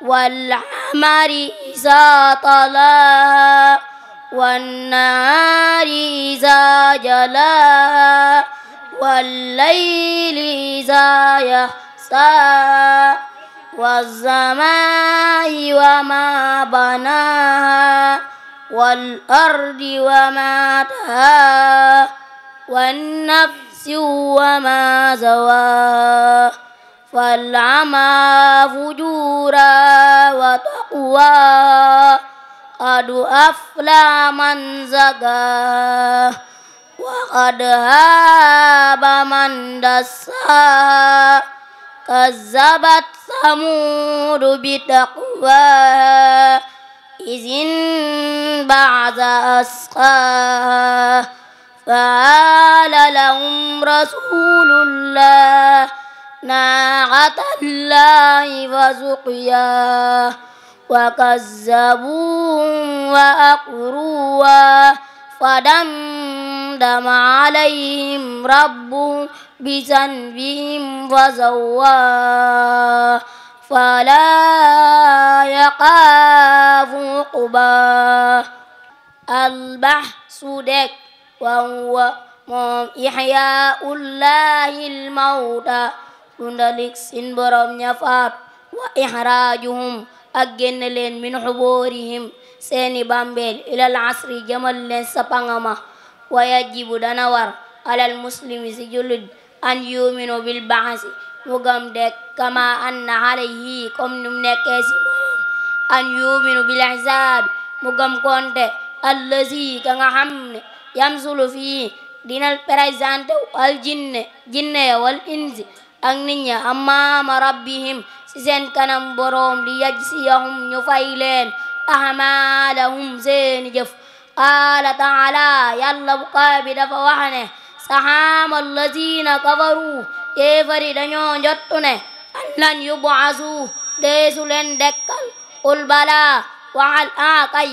والقمر إذا طلاها والنهار إذا جلاها والليل إذا يغشاها والسماء وما بناها والأرض وما طحاها والنفس وما سواها فالعمى فجورا وتقوى قد أفلى من زكاها وقد هاب من دساها كذبت ثمود بتقواها إذ انبعث أشقاها فقال لهم رسول الله ناعة الله وسقياه وكذبوهم وأقروا فدمدم عليهم ربهم بذنبهم فسواه فلا يخاف عقباه البحث دك وهو moom إحياء الله الموتى dundalik sin borom ña faatu wa ihraajuhum ak génn leen min xuboorihim seeni bambeel ilal asri jëmal leen sa pangama wa yajibu dana war alal muslimi si jullit an yuminu bil baxasi mu gëm dek kama anna alayhi comme num nekkee si moom an yuminu bil xisaabi mu gëm konte allazi ka nga xam ne yamsulu fii dinal présenté al jinne jinne wal insi ak nit ña amaama rabbihim si seen kanam boroom li yajsiyahum ñu fay leen ahmalahum seeni jëf qaala taala yàlla bu kaa bi dafa wax ne saxaama allazina kafaru yéefari dañoo njottu ne an lan yubasu deesu leen dekkal qul bala waxal a kay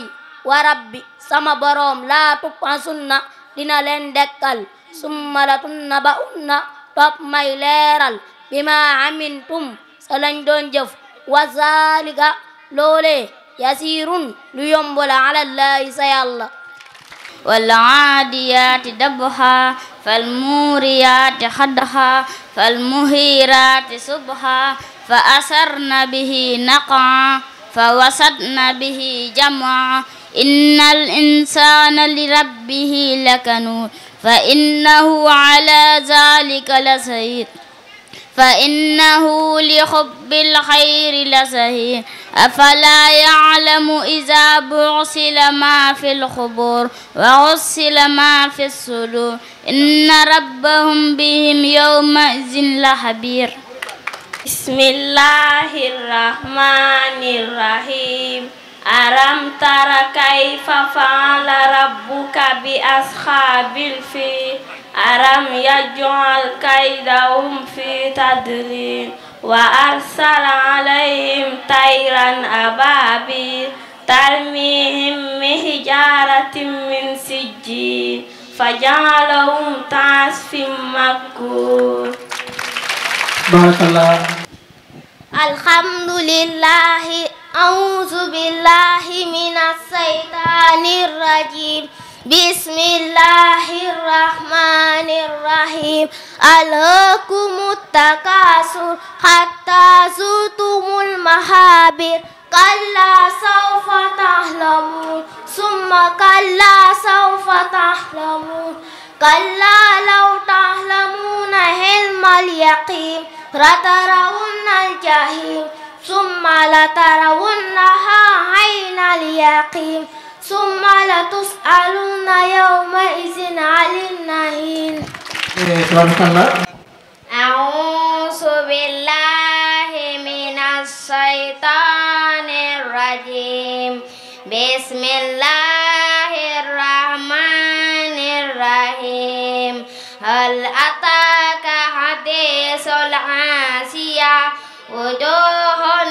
wa rabbi sama boroom laa tubasunna dina leen dekkal summa la tunna ba unna topp may leeral bi ma amintum sa lañ doon jëf wa zalika loole yasirun lu yomb la alallahi sa yàlla والعاديات دبها فالموريات خدها فالمهيرات صبها فأثرن به نقعا فوسطن به جمعا إن الإنسان لربه لكنود فإنه على ذلك لشهيد فإنه لحب الخير لشهيد أفلا يعلم إذا بعثر ما في القبور وحصل ما في الصدور إن ربهم بهم يومئذ لخبير بسم الله الرحمن الرحيم alam tara kayfa fa'ala rabbuka bi ashabil fil alam yaj'al kaydahum fi tadlil wa arsala alayhim tayran ababil tarmihim bi hijaratin min sijjil faja'alahum ka'asfin ma'kul barakallah أعوذ بالله من الشيطان الرجيم بسم الله الرحمن الرحيم ألهاكم التكاثر حتى زرتم المحابر كلا سوف تعلمون ثم كلا سوف تعلمون كلا لو تعلمون علم اليقين لترون الجحيم ثم لترونها عين اليقين ثم لتسألن يومئذ عن النعيم أعوذ بالله من الشيطان الرجيم بسم الله الرحمن الرحيم هل أتاك حديث العاسية وجوه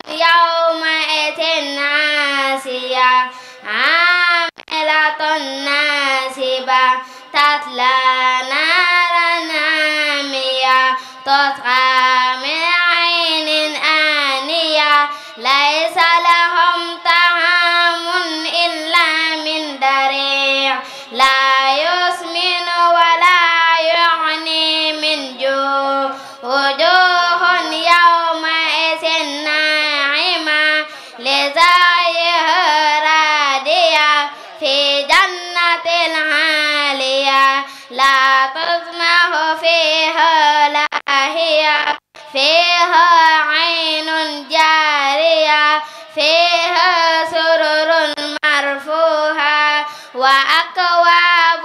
فيها عين جارية فيها سرر مرفوعة وأكواب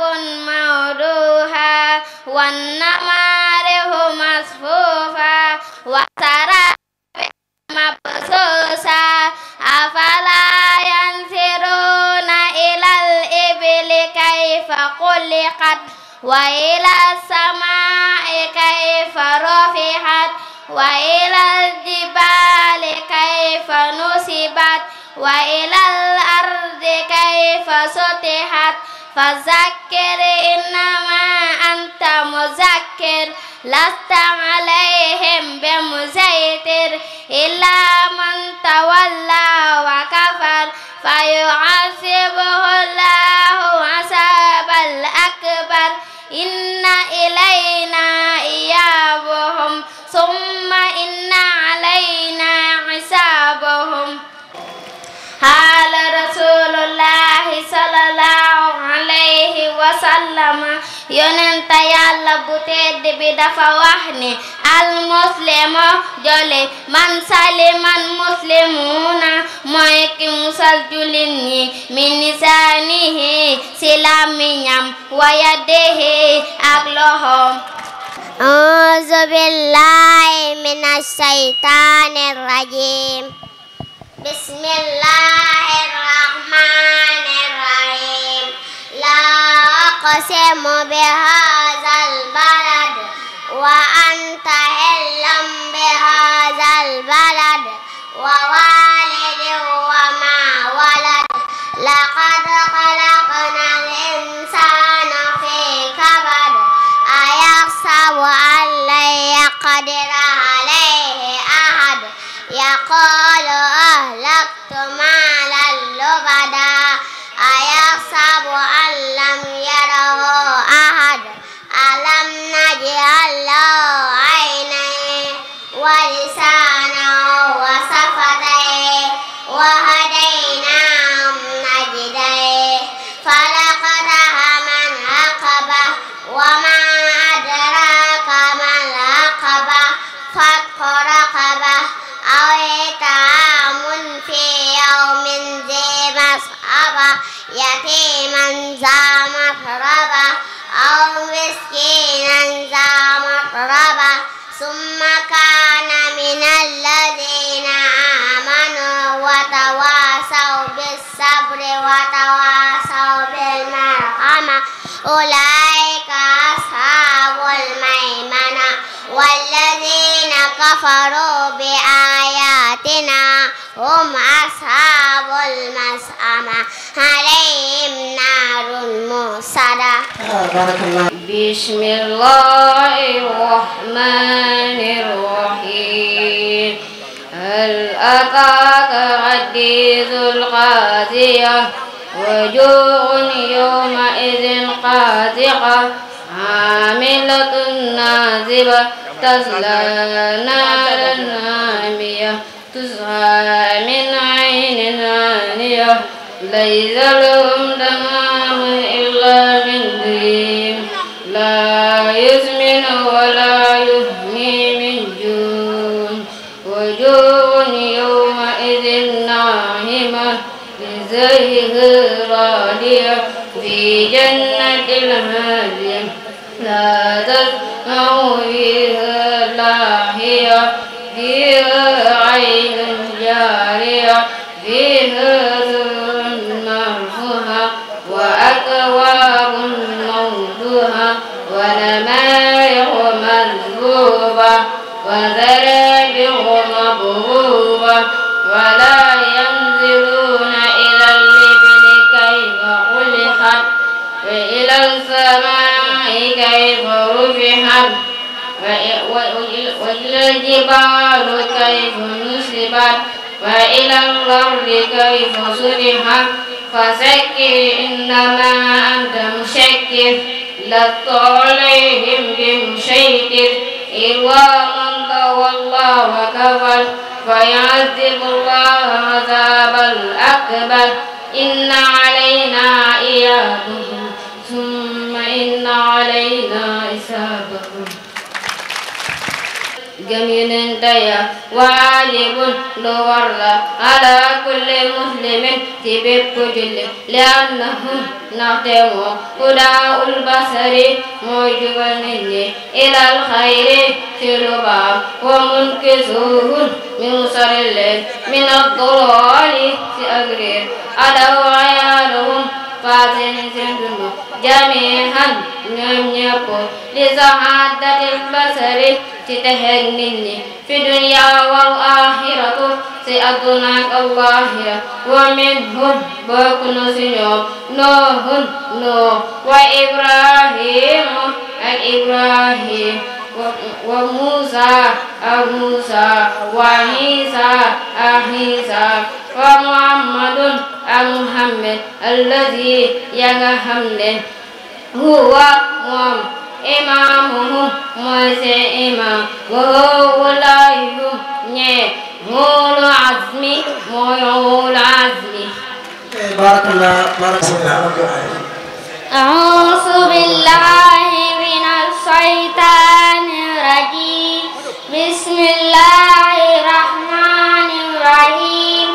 موضوعة والنمارق مصفوفة وسرابي مبثوثة أفلا ينظرون إلى الإبل كيف خلقت وإلى السماء كيف رفعت وإلى الجبال كيف نصبت وإلى الأرض كيف سطحت فذكر إنما أنت مذكر لست عليهم بمسيطر إلا من تولى وكفر فيعذبه الله عذاب الأكبر إن إلينا إيابهم ثم إن علينا حسابهم قال رسول الله صلى الله عليه وسلم yonent yàlla bu tedd bi dafa wax ne al muslimu jole man saliman muslimuna mooy ki musal julin ñi min lisaanihi si làmmiñam wa yadihi ak loxoom أعوذ بالله من الشيطان الرجيم بسم الله الرحمن الرحيم لا أقسم بهذا البلد وأنت حل بهذا البلد ووالد وما ولد لقد خلق كفروا بآياتنا هم أصحاب المسأمة عليهم نار مؤصدة بسم الله الرحمن الرحيم هل أتاك حديث القاسية وجوه يومئذ قاسقة عاملة نازبة تصلى نارا حامية تسعى من عين آنية ليس لهم دمام إلا من دين لا يسمن ولا يهني من جون وجوه يومئذ ناعمة لزيه راضية في جنة نادت أو الجبال كيف نصبت وإلى الأرض كيف سطحت فذكر إنما أنت مشكر لست عليهم بمسيطر إلا من تولى وكفر فيعذب الله عذاب الأكبر إن علينا إيابهم ثم إن علينا gëm yonente ya waajibun julli li annahum ndaxte moo hudaa'ul basari mooy jubal nit ñi ilal xayri wa munkisuhun min sori min ad-dalaali ci ak réer adaw ayaaluhum فاضل زندم جميعا نم يبو لزهادة البصر تتهج مني في الدنيا والآخرة سيأدناك الظاهرة ومنهم بكن سنوب نوح نوح وإبراهيم عن إبراهيم وموسى موسى وعيسى عيسى ومحمد محمد الذي يرحمني هو مم إمامهم موسى إمام وهو لا يبني مول عزمي مول عزمي بارك الله بارك الله أعوذ بالله من الشيطان الشيطان الرجيم بسم الله الرحمن الرحيم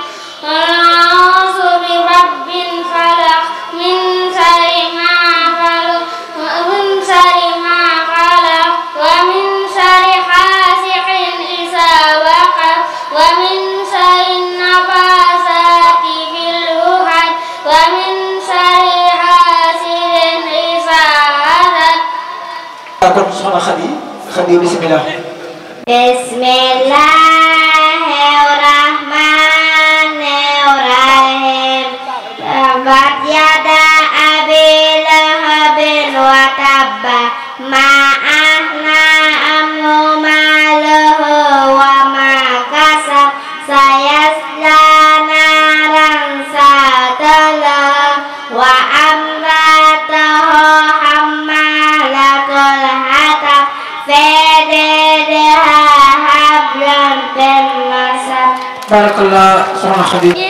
di bismillah. Bismillah. Xadim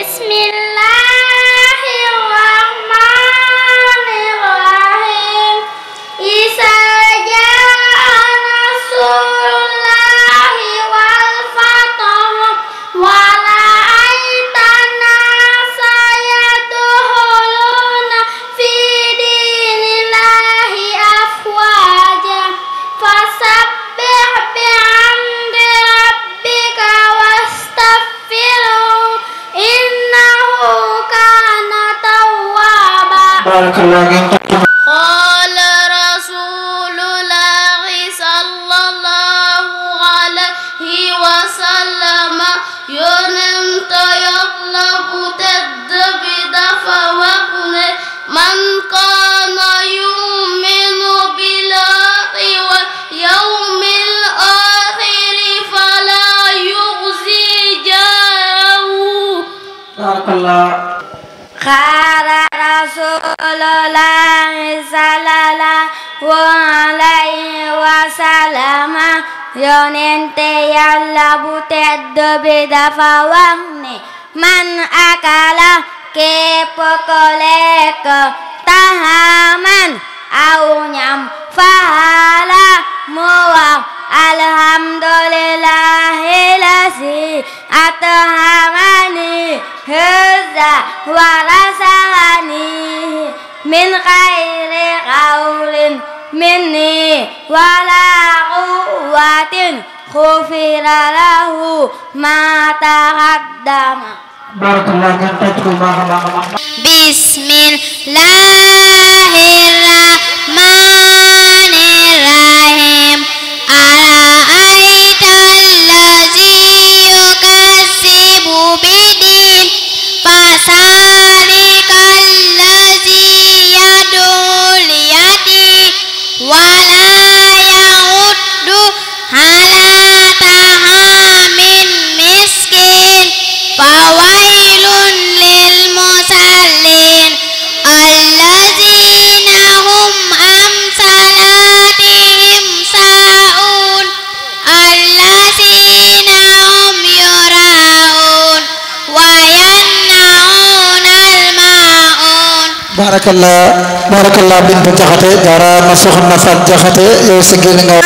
صدق الله قال رسول الله صلى الله عليه وسلم yonent Yàlla bu wax ne man akala képp ko lekk tahaman aw ñam faala mu wax alhamdulillahi lasi أطعمني هذا ورزقني من غير قول مني ولا قوة غفر له ما تقدم بارك الله فيكم بسم الله الرحمن الرحيم أرأيت مبدين فذلك الذي يدعو اليتيم ولا يرد عن baarakallaa baarakallaa bintu jaxate jaaraama soxna fat jaxate yow si génn nga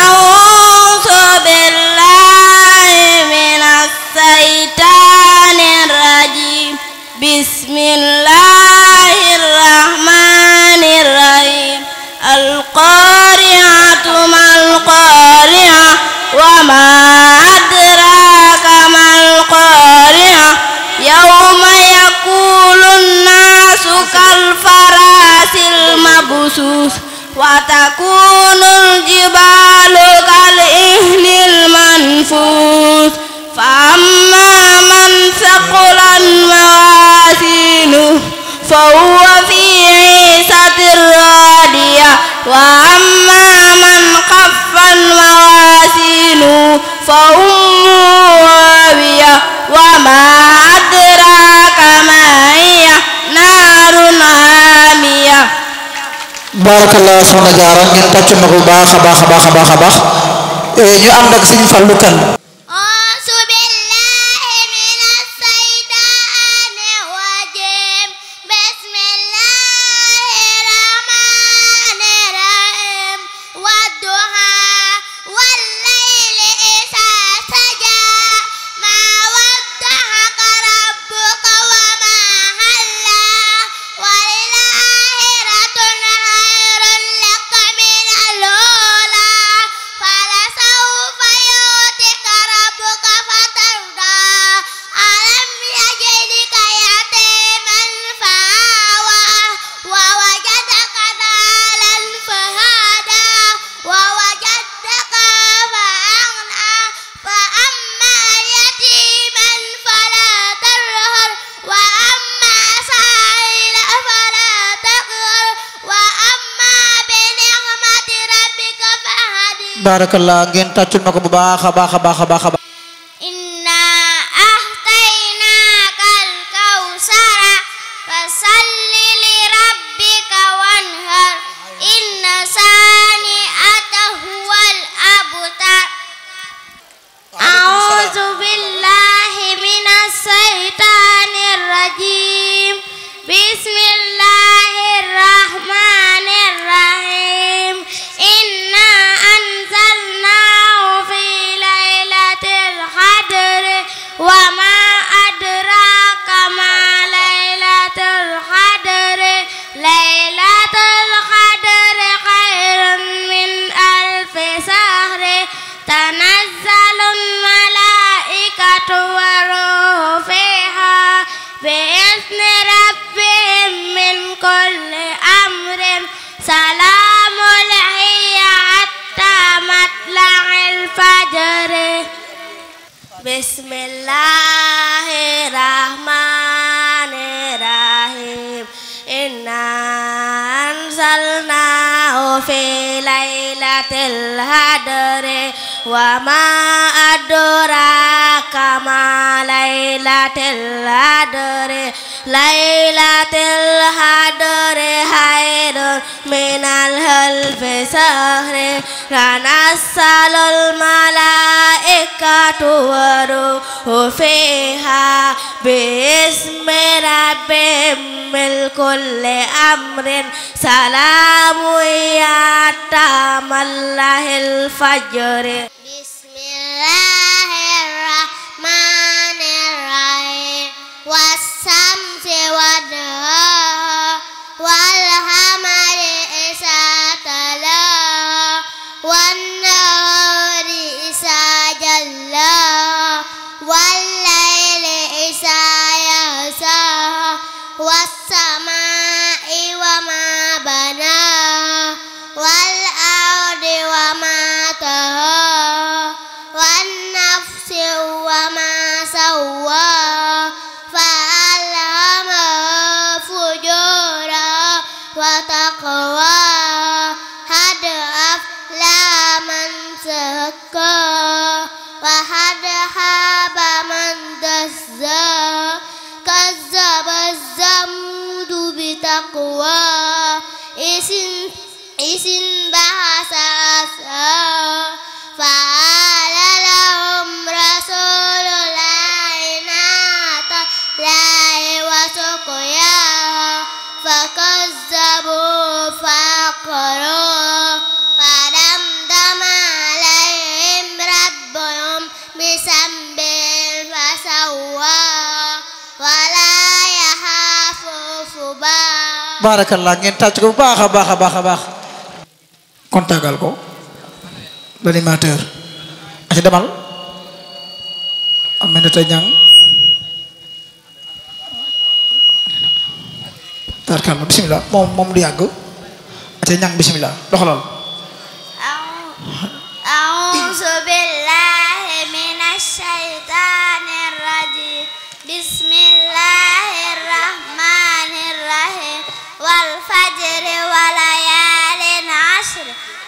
وتكون الجبال كالإهل المنفوس فأما من ثقلت tabarakallah soxna jaara ngeen tàcc ma bu baax a baax a baax a baax a eh, baax ñu ànd ak sëñ Fallou tabaarakallah ngeen ma ko bu baax a baax a baax a baax Bismillahirrahmanirrahim Inna anzalnahu fi laylatil hadri wa ma adraka ma laylatil hadri ليلة الحضر خير من الهلف سهر تنزل الملائكة والروح فيها باسم ربهم من كل أمر سلام يا تام الله الفجر بسم الله الرحمن والشمس وضحاها والقمر إذا تلاها والنهار إذا جلاها والليل إذا يغشاها قيس بعث أسرى فقال لهم رسول الله نعمة الله وسقياه فكذبوا فأقروا فدمدم عليهم ربهم بذنبهم فسواه ولا يخاف عقباه بارك الله ngeen tàcc ko bu baax a baax a baax a baax kontaagal ko l'animateur a ci demal Aminata Ñang tarkalla bismillah moom moom du yàgg a ci Ñang bismillah doxalal ah.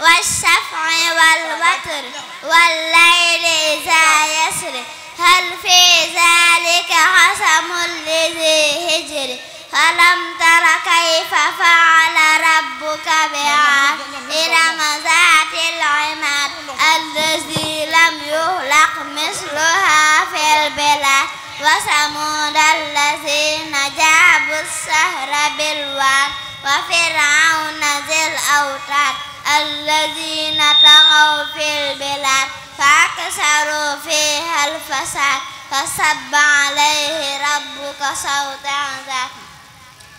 والشفع والوتر والليل إذا يسر هل في ذلك قسم لذي هجر ألم تر كيف فعل ربك بعاد إرم ذات العماد الذي لم يهلق مثلها في البلاد وثمود الذين جابوا السهر بالواد وفرعون ذي الأوتاد الذين طغوا في البلاد فأكثروا فيها الفساد فصب عليه ربك صوت عذاب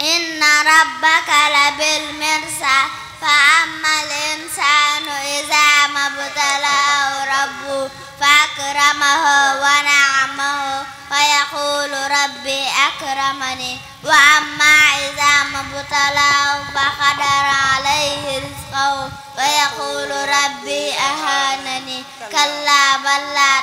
إن ربك لبالمرصاد فأما الإنسان إذا ما ابتلاه ربه فأكرمه ونعمه فيقول ربي أكرمني وأما إذا ما ابتلاه فقدر عليه رزقه فيقول ربي أهانني كلا بل لا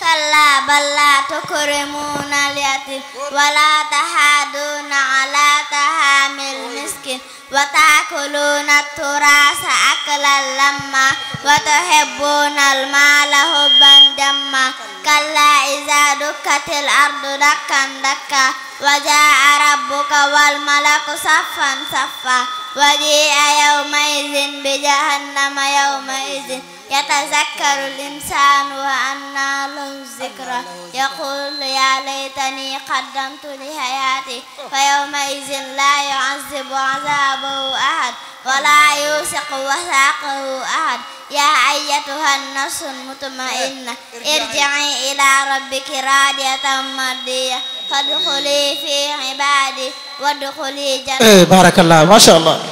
كلا بل لا تكرمون اليتيم ولا تحاضون على طعام المسكين وتأكلون التراث أكلا لما وتحبون المال حبا جما كلا إذا دكت الأرض دكا دكا وجاء ربك والملك صفا صفا وجيء يومئذ بجهنم يومئذ يتذكر الإنسان وأنى له الذكرى يقول يا ليتني قدمت لحياتي فيومئذ لا يعذب عذابه أحد ولا يوثق وثاقه أحد يا أيتها النفس المطمئنة ارجعي إلى ربك راضية مرضية فادخلي في عبادي وادخلي جنة بارك الله ما شاء الله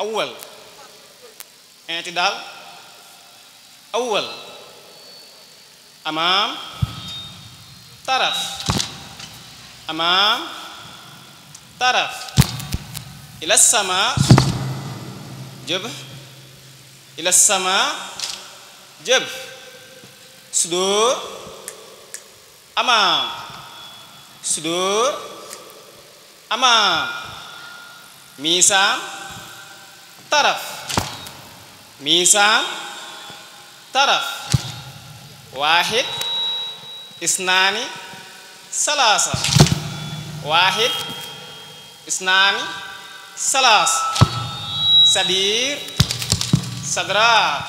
أول اعتدال awal amaam taraf amaam taraf ila sama jëb ila sama jëb sudóor amaam sudóor amaam miisaam taraf miisaam طرف واحد اثنان ثلاثة واحد اثنان ثلاثة صدير صدرا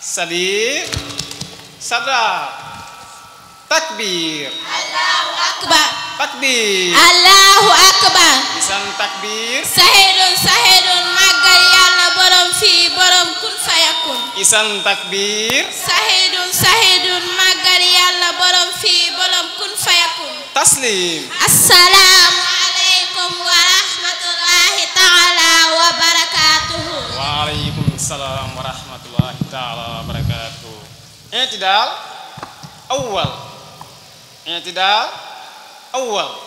صدير صدرا takbir. allahu akbar. takbir. allahu akbar. bisan takbir. sahedun sahedun màggal yàlla borom fii borom kun fayakun. isan takbir. sahedun sahedun màggal yàlla borom fii borom kun fayakun. taslim. assalaamu aleykum wa rahmatullahi taala wa barakaatuhu. wa aleykum salaam wa rahmatullahi taala wa barakaatuhu. intidaal eh, awwal. intidaa awwal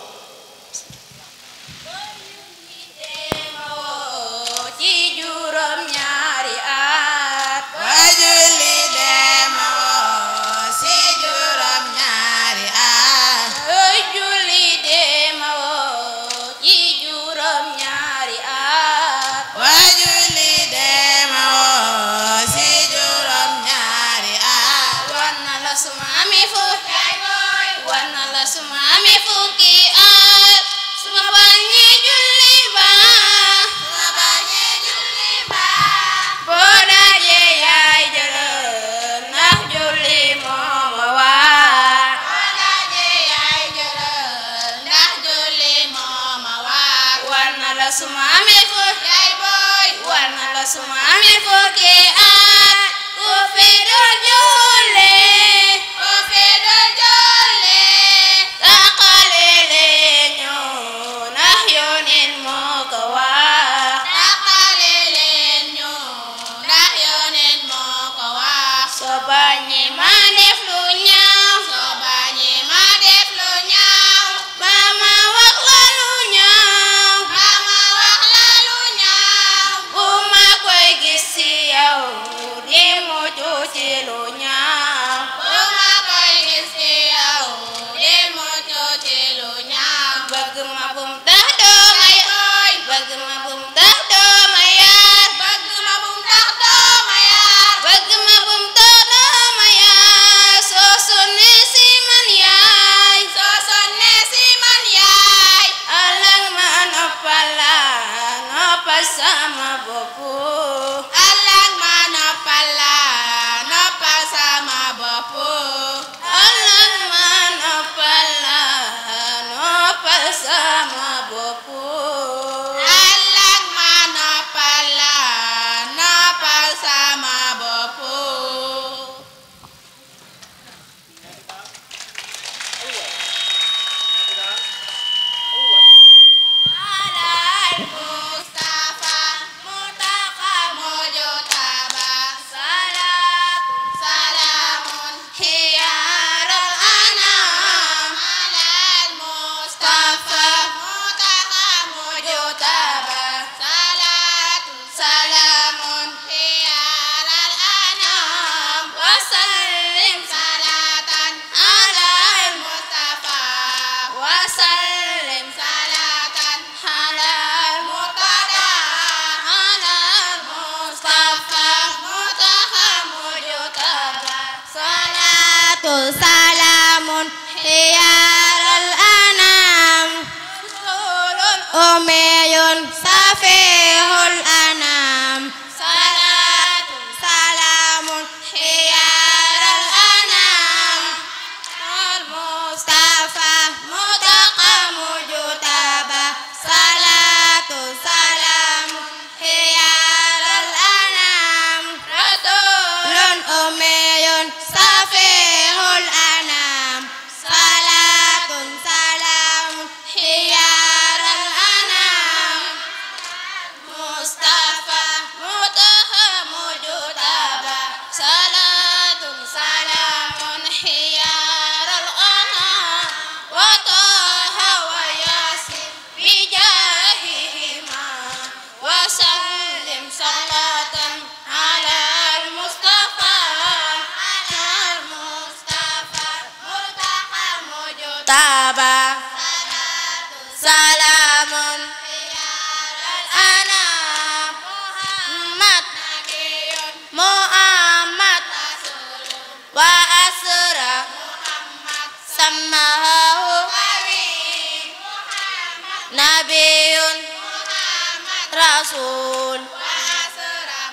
رسول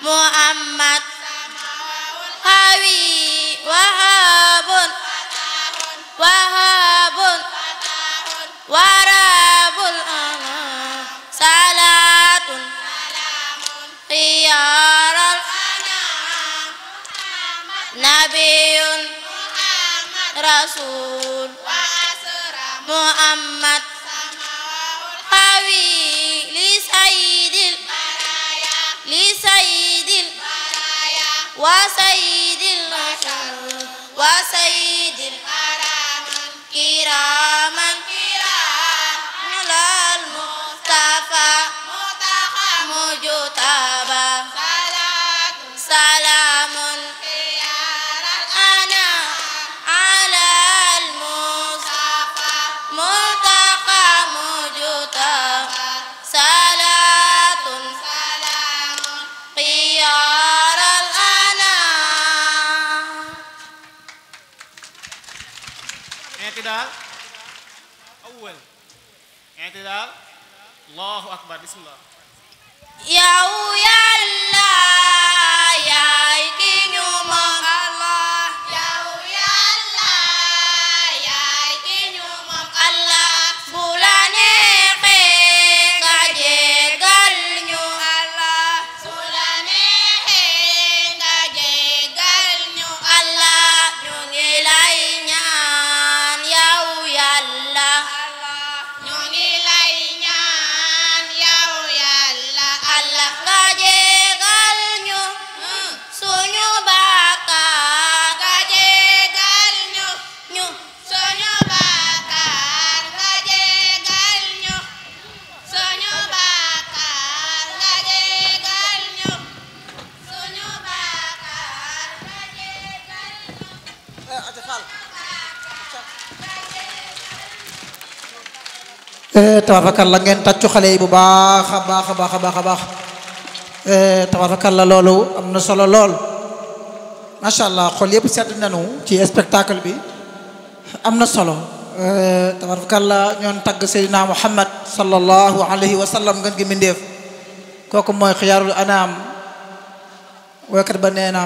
محمد هوي وهاب وهاب وراب الأنام صلاة خيار الأنام نبي رسول محمد هوي لسيد البرايا لسيد البرايا وسيد البشر وسيد الأرامل كراما akbar bismillah tabarfakal la ngeen tàccu xale yi bu baax a baax a baax a baax a baax eh, tabarfakal la loolu am na solo lool macha allah xol yëpp sedd nanu ci spectacle bi am na solo eh, tabarfakal la ñoon tagg seydina muhammad sallallahu alayhi wa sallam ngeen gi mbindéef kooku mooy xiyaarul anaam ba nee na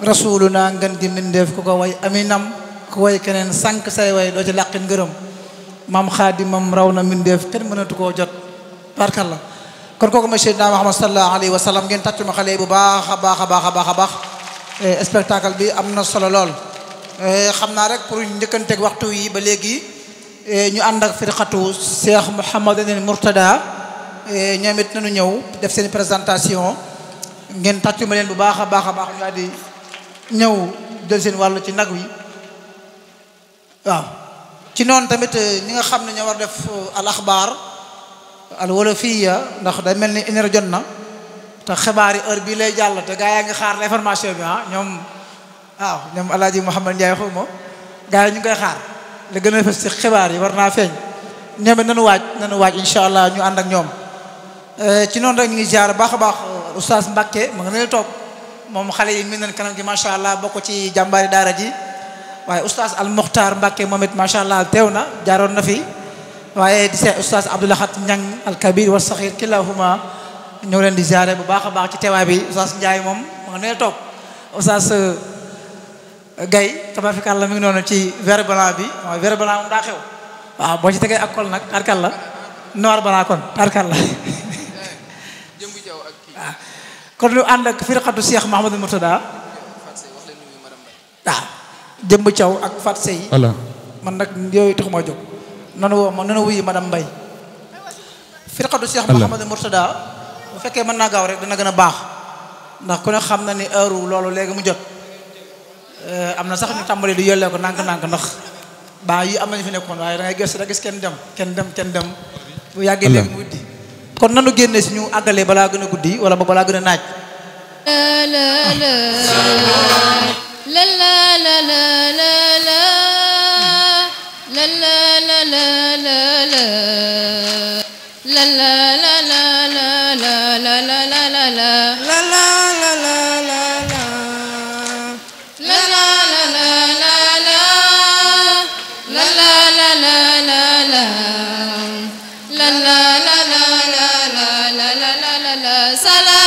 rasuluna ngeen gi mbindéef ku ko way aminam ku way keneen sànq say way doo ci làqin ngërëm maam xaadimam raw na mbindeef kenn mënatu koo jot la kon kooku mooy Seydina Muhammad sallallahu alayhi wa sallam ngeen tàccu ma xale bu baax a baax a baax a baax eh, bi am na solo lool eh, xam naa rek pour njëkkanteeg waxtu yi ba léegi eh, ñu ànd ak firqatu Cheikh Mouhamadanil Mourtada ñoom it nañu ñëw def seen présentation ngeen tàccu ma leen bu baax a baax a baax ñu daal di ñëw jël seen wàllu ci nag wi waaw ci noonu tamit euh, ñi nga xam ne ñoo war def euh, al axbaar al wolofiya ndax day mel ni une heure jot na te xibaar yi heure bii lay jàll te gaa yaa ngi xaar l'information bi ah ñoom waaw ñoom El Hadj Mouhamed Ndiaye xawma gaa yi ñu ngi xaar li gën a fës ci xibaar yi war naa feeñ ñoom it nañu waaj nañu waaj incha allah ñu ànd ak ñoom. Euh, ci noonu rek ñu ngi ziar baax baax oustaz Mbacke ma nga leen toog moom xale yi mën nañu kanam gi macha allah bokk ci jàmbaari daara ji. waaye oustaz al mokhtar Mbacke moom it macha allah teew na jaaroon na fi waaye di see oustaz Abdou Lahad Ñang al kabir wa saxir ñëw leen di ziare bu baax a baax ci teewaa bi oustaz Ndiaye moom ma nga nee toog oustaz euh, Gaye tabafikàlla mi ngi noonu ci vert blanc bi waaw vert blanc moom daa xew waaw boo ci tegee ak kol nag tarkal la noir blanc kon tarkal la kon ñu ànd ak firqatu Cheikh Mahamadou Murtada waaw jëmb Thiaw ak Fatou Seye. voilà man nag yooyu taxuma jóg. nanu woo ma nanu wuyu madame Mbaye. firqatu Cheikh Mouhamadou Mourtada bu fekkee mën naa gaaw rek dana gën a baax. ndax ku ne xam na ni heure loolu léegi mu jot. Eh, am na sax ñu tàmbali di yollee ko nànk-nànk ndax baa yi am nañu fi nekkoon waaye da ngay gëstu gis kenn dem kenn dem kenn dem. bu yàggee léegi mu guddi. kon nanu génne si ñu àggalee balaa gën a guddi wala ba balaa gën a naaj. Salam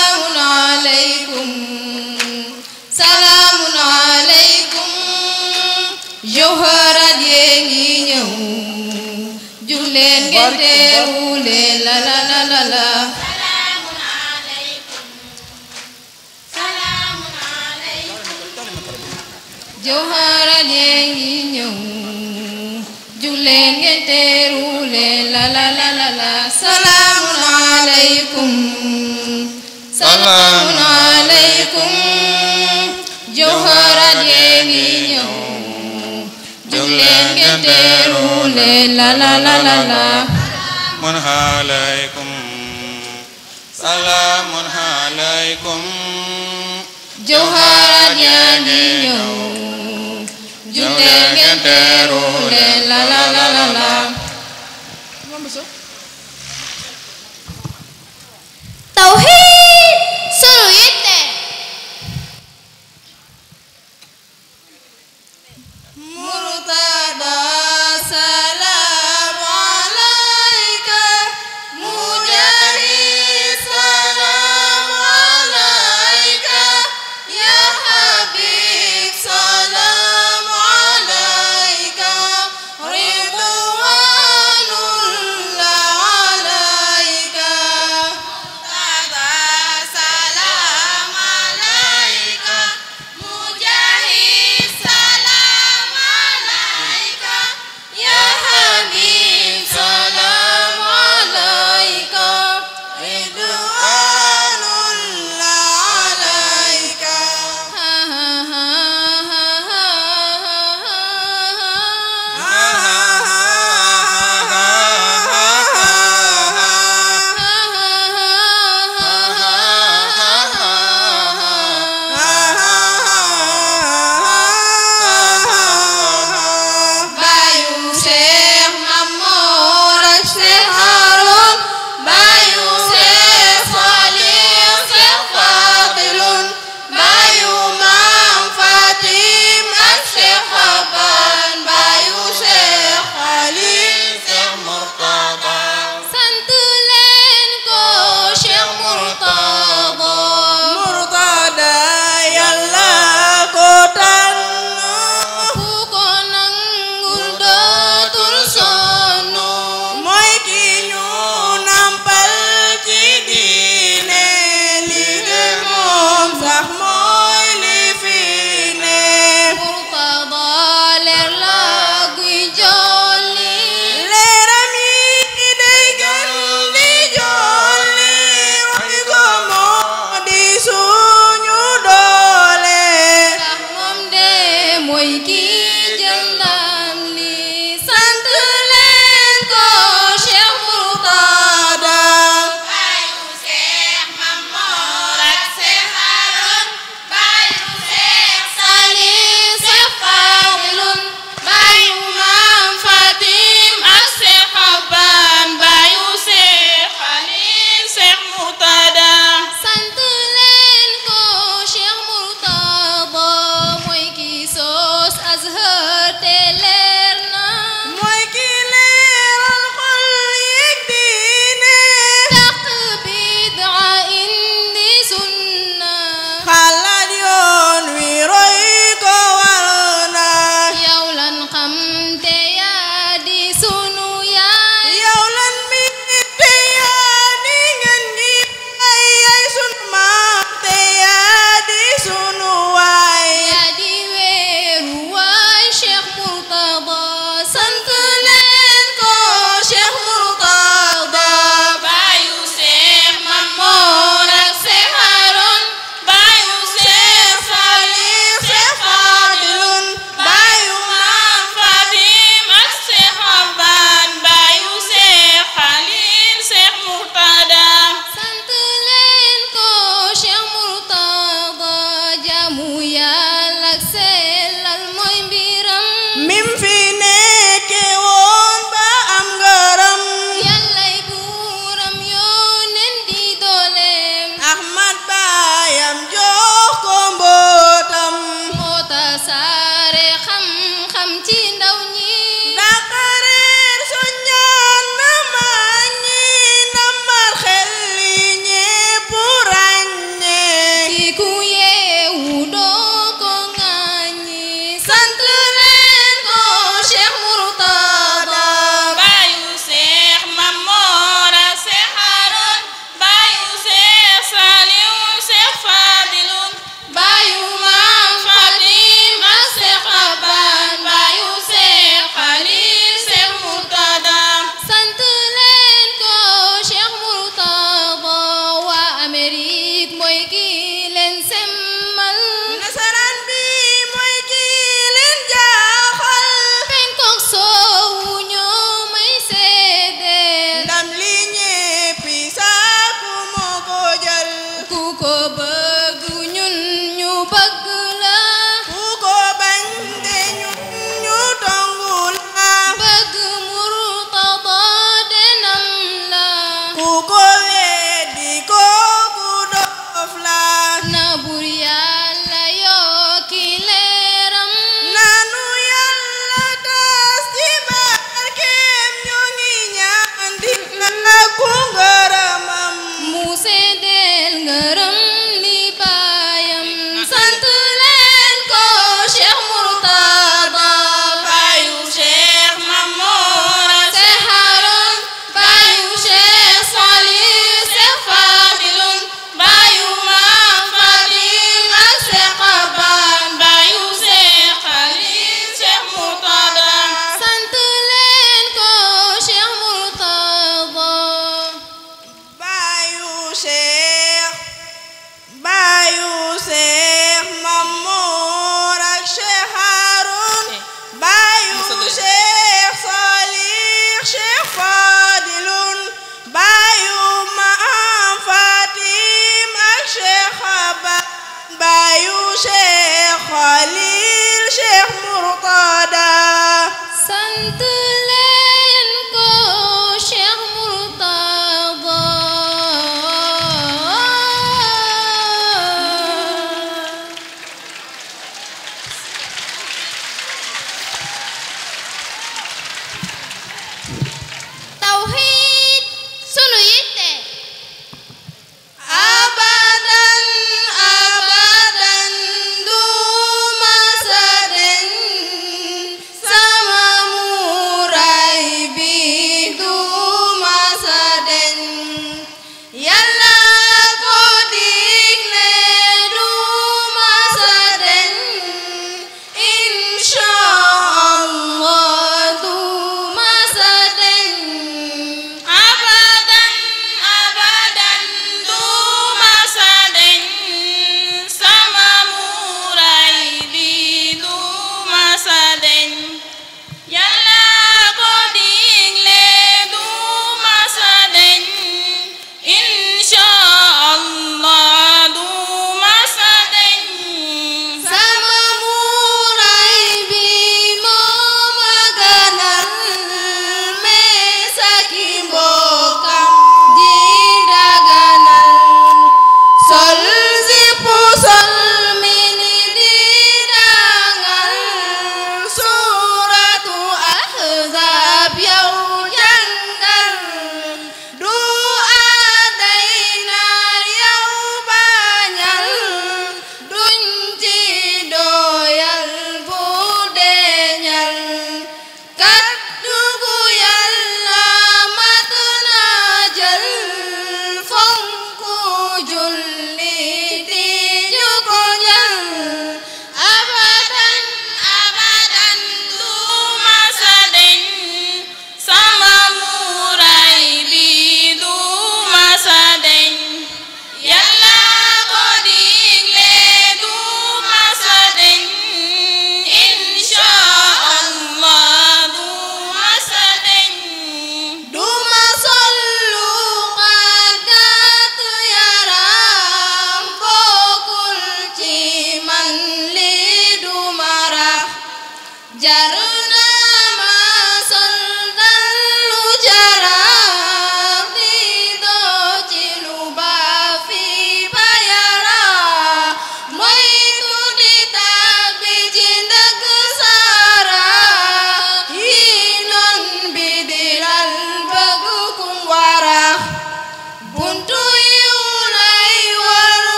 teewule la la la la la salaamun aleykum juleen ngeen teewule la la la la la salaamun aleykum salaamun aleykum jawhara jóg leen ngeen teeru leen la la la la la mun alaykum salaamun alaykum jawharaat yaa ngi ñëw jóg leen ngeen teeru leen la la la la la tawhiid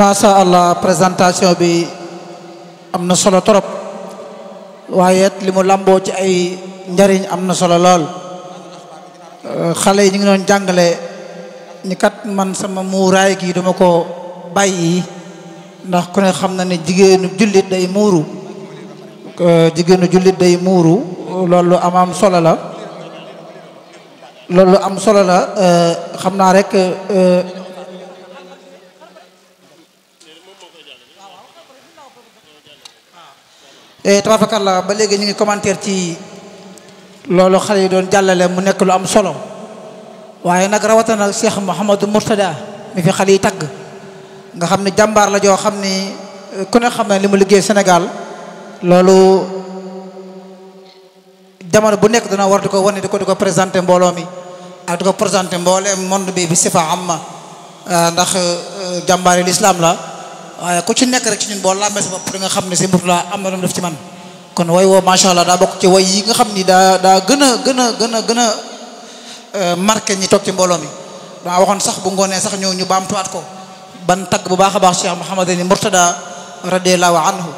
macha allah présentation bi am na solo trop waaye li mu lamboo ci ay njariñ am na solo lool euh, xale yi ñu ngi doon jàngale ni kat man sama muuraay gi duma ko bàyyi ndax ku ne xam na ne jigéenu jullit day muuru euh, jigéenu jullit day muuru loolu am am la loolu am solo la euh, xam naa rek Eh, tabarakallah ba léegi ñu ngi commentaire ci loolu xale yi doon jàllale mu nekk lu am solo waaye nag rawatina ak Cheikh Mouhamadou Mourtada mi fi xale yi tagg nga xam ne jàmbaar la joo xam ni eh, ku ne xam na li mu liggéey Sénégal loolu jamono bu nekk dana war di ko wane di ko di ko présenté mbooloo mi ak di ko présenté mbooleem monde bi bi fa am ma eh, ndax jàmbaari l'islam la waaye ku ci nekk rek ci ñun boo làmbee sa bopp di nga xam ne si Mourtala am na lu def ci man kon way woo macha daa bokk ci way yi nga xam ni daa daa gën gën gën a gën a euh, marqué ñi toog ci mbooloo mi daa waxoon sax bu ngoonee sax ñëw ñu baamtuwaat ko ban tagg bu baax a baax Cheikh Mouhamadani Mourtada radiallahu anhu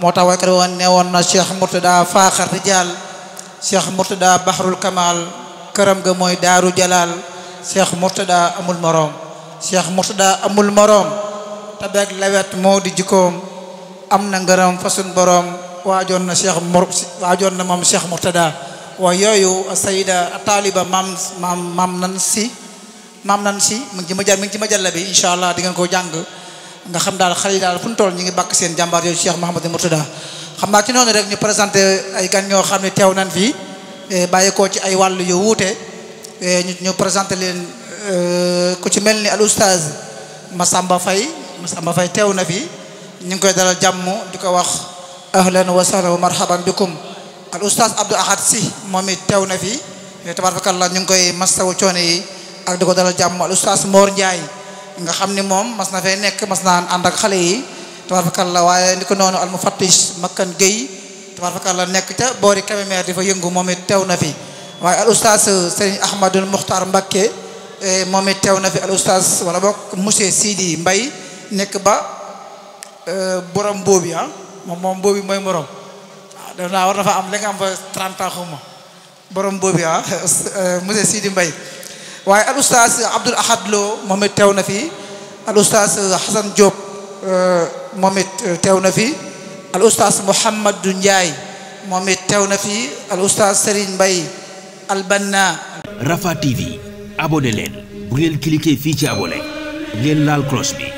moo tax waykat woon ne woon na Cheikh Mourtada faaxar rijaal Cheikh Mourtada bahrul kamal këram ga mooy daaru jalaal Cheikh Mourtada amul moroom Cheikh Mourtada amul moroom tabeeg lewet moo di jikkoom am na ngërëm fasun waa waajoon na cheikh mor waajoon na moom cheikh murtada waa yooyu a sayida taaliba maam maam maam nan si maam nan si mu ngi ci ci majalla bi incha allah di ngeen ko jàng nga xam daal xale yi daal fu ñu toll ñu ngi bàkk seen jàmbaar yooyu cheikh mahamadou murtada xam naa ti noonu rek ñu présenté ay gan ñoo xam ne teew nan fii e, bàyyi koo ci ay wàll yu wuute e, ñu présenté leen e, ku ci mel ni al oustaz Massamba Faye Massamba Faye teew na fi ñu ngi koy dalal jàmm di ko wax ahlan wa sahlan wa marhaban bikum al oustaz Abdou Ahad si moom it tew na fi tabarakallah ñu ngi koy masawu coono yi ak di ko dalal jàmm al oustaz Mor Ndiaye nga xam ni moom mas na fee nekk mas naa ànd xale yi tabarakallah waaye ni ko noonu al mufattish Makkan Gueye nekk ca boori Kébémer di fa yëngu moom it tew na fi waaye al oustaz Serigne Ahmadul Muxtar Mbakke eh, moom it tew na fi al oustaz wala bokk monsieur Sidi mbay nekk ba euh, borom boobu ah moom moom boobu mooy morom waaw ah, def naa war na fa am li nga am fa 30 ans xuma borom boobu ah euh, monsieur Sidi mbay waaye al oustaz Abdoul Ahad moom it teew na fi al oustaz Hassan Diop euh, moom it teew na fi al oustaz Mouhamadou Ndiaye moom it na fi al oustaz Serigne Mbaye al Banna. Rafah TV abonné leen bu ngeen cliquer fii ci abonné ngeen laal cloche bi.